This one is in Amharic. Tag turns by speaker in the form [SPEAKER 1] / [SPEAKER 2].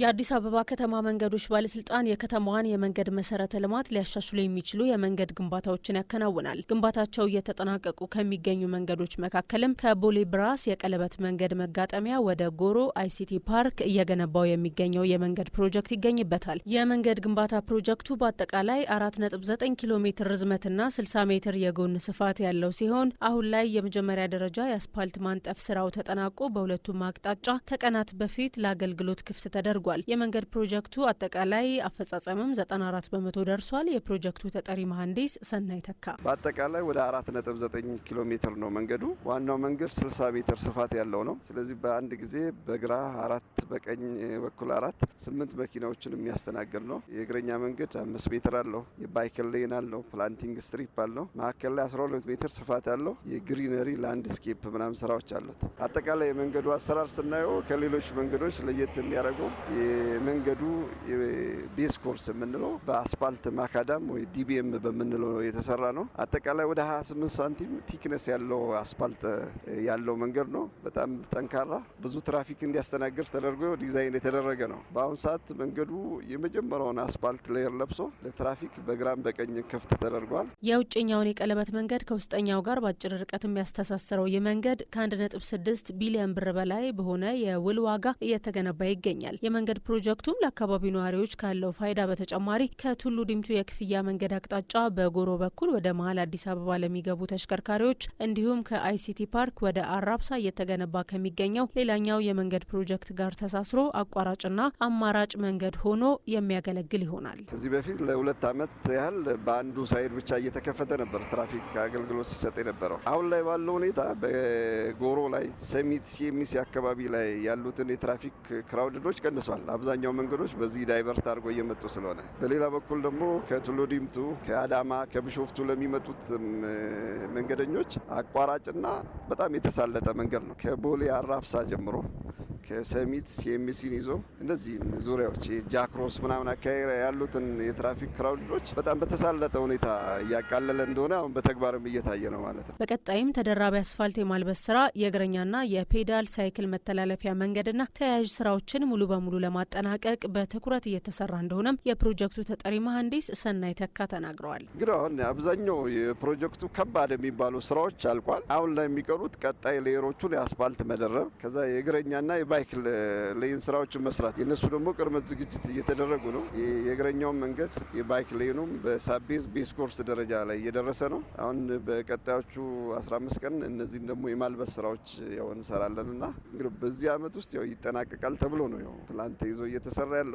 [SPEAKER 1] የአዲስ አበባ ከተማ መንገዶች ባለስልጣን የከተማዋን የመንገድ መሰረተ ልማት ሊያሻሽሉ የሚችሉ የመንገድ ግንባታዎችን ያከናውናል። ግንባታቸው እየተጠናቀቁ ከሚገኙ መንገዶች መካከልም ከቦሌ ብራስ የቀለበት መንገድ መጋጠሚያ ወደ ጎሮ አይሲቲ ፓርክ እየገነባው የሚገኘው የመንገድ ፕሮጀክት ይገኝበታል። የመንገድ ግንባታ ፕሮጀክቱ በአጠቃላይ 4.9 ኪሎ ሜትር ርዝመትና 60 ሜትር የጎን ስፋት ያለው ሲሆን አሁን ላይ የመጀመሪያ ደረጃ የአስፓልት ማንጠፍ ስራው ተጠናቆ በሁለቱም አቅጣጫ ከቀናት በፊት ለአገልግሎት ክፍት ተደርጓል። አድርጓል። የመንገድ ፕሮጀክቱ አጠቃላይ አፈጻጸምም 94 በመቶ ደርሷል። የፕሮጀክቱ ተጠሪ መሐንዲስ ሰናይ ተካ
[SPEAKER 2] በአጠቃላይ ወደ 4.9 ኪሎ ሜትር ነው መንገዱ። ዋናው መንገድ 60 ሜትር ስፋት ያለው ነው። ስለዚህ በአንድ ጊዜ በግራ አራት በቀኝ በኩል አራት ስምንት መኪናዎችን የሚያስተናግድ ነው። የእግረኛ መንገድ አምስት ሜትር አለው። የባይክል ሌን አለው። ፕላንቲንግ ስትሪፕ አለው። መካከል ላይ 12 ሜትር ስፋት ያለው የግሪነሪ ላንድስኬፕ ምናምን ስራዎች አሉት። አጠቃላይ የመንገዱ አሰራር ስናየው ከሌሎች መንገዶች ለየት የሚያደርገው የመንገዱ ቤስ ኮርስ የምንለው በአስፓልት ማካዳም ወይ ዲቢኤም በምንለው የተሰራ ነው። አጠቃላይ ወደ 28 ሳንቲም ቲክነስ ያለው አስፓልት ያለው መንገድ ነው። በጣም ጠንካራ ብዙ ትራፊክ እንዲያስተናግድ ተደርጎ ዲዛይን የተደረገ ነው። በአሁኑ ሰዓት መንገዱ የመጀመሪያውን አስፓልት ሌየር ለብሶ ለትራፊክ በግራም በቀኝ ክፍት ተደርጓል።
[SPEAKER 1] የውጭኛውን የቀለበት መንገድ ከውስጠኛው ጋር በአጭር ርቀት የሚያስተሳስረው ይህ መንገድ ከ1.6 ቢሊዮን ብር በላይ በሆነ የውል ዋጋ እየተገነባ ይገኛል። መንገድ ፕሮጀክቱም ለአካባቢው ነዋሪዎች ካለው ፋይዳ በተጨማሪ ከቱሉ ዲምቱ የክፍያ መንገድ አቅጣጫ በጎሮ በኩል ወደ መሀል አዲስ አበባ ለሚገቡ ተሽከርካሪዎች እንዲሁም ከአይሲቲ ፓርክ ወደ አራብሳ እየተገነባ ከሚገኘው ሌላኛው የመንገድ ፕሮጀክት ጋር ተሳስሮ አቋራጭና አማራጭ መንገድ ሆኖ የሚያገለግል ይሆናል።
[SPEAKER 2] ከዚህ በፊት ለሁለት ዓመት ያህል በአንዱ ሳይድ ብቻ እየተከፈተ ነበር ትራፊክ አገልግሎት ሲሰጥ የነበረው። አሁን ላይ ባለው ሁኔታ በጎሮ ላይ ሰሚት ሲሚስ አካባቢ ላይ ያሉትን የትራፊክ ክራውድዶች ቀንሷል። ተሰርቷል። አብዛኛው መንገዶች በዚህ ዳይቨርት አድርጎ እየመጡ ስለሆነ፣ በሌላ በኩል ደግሞ ከቱሎ ዲምቱ፣ ከአዳማ፣ ከብሾፍቱ ለሚመጡት መንገደኞች አቋራጭና በጣም የተሳለጠ መንገድ ነው። ከቦሌ አራብሳ ጀምሮ ከሰሚት ሲኤምሲን ይዞ እነዚህ ዙሪያዎች ጃክሮስ ምናምን አካባቢ ያሉትን የትራፊክ ክራውዶች በጣም በተሳለጠ ሁኔታ እያቃለለ እንደሆነ አሁን በተግባርም እየታየ ነው ማለት ነው።
[SPEAKER 1] በቀጣይም ተደራቢ አስፋልት የማልበስ ስራ፣ የእግረኛና የፔዳል ሳይክል መተላለፊያ መንገድና ተያያዥ ስራዎችን ሙሉ በሙሉ ለማጠናቀቅ በትኩረት እየተሰራ እንደሆነም የፕሮጀክቱ ተጠሪ መሀንዲስ ሰናይ ተካ ተናግረዋል።
[SPEAKER 2] እንግዲህ አሁን አብዛኛው የፕሮጀክቱ ከባድ የሚባሉ ስራዎች አልቋል። አሁን ላይ የሚቀሩት ቀጣይ ሌየሮቹን የአስፋልት መደረብ ከዛ የእግረኛና ባይክ ሌን ስራዎችን መስራት የነሱ ደግሞ ቅድመ ዝግጅት እየተደረጉ ነው። የእግረኛውን መንገድ የባይክ ሌኑም በሳቤዝ ቤስ ኮርስ ደረጃ ላይ እየደረሰ ነው። አሁን በቀጣዮቹ 15 ቀን እነዚህን ደግሞ የማልበስ ስራዎች ያው እንሰራለን እና እንግዲህ በዚህ አመት ውስጥ ያው ይጠናቀቃል ተብሎ ነው ያው ፕላን ተይዞ እየተሰራ ያለው።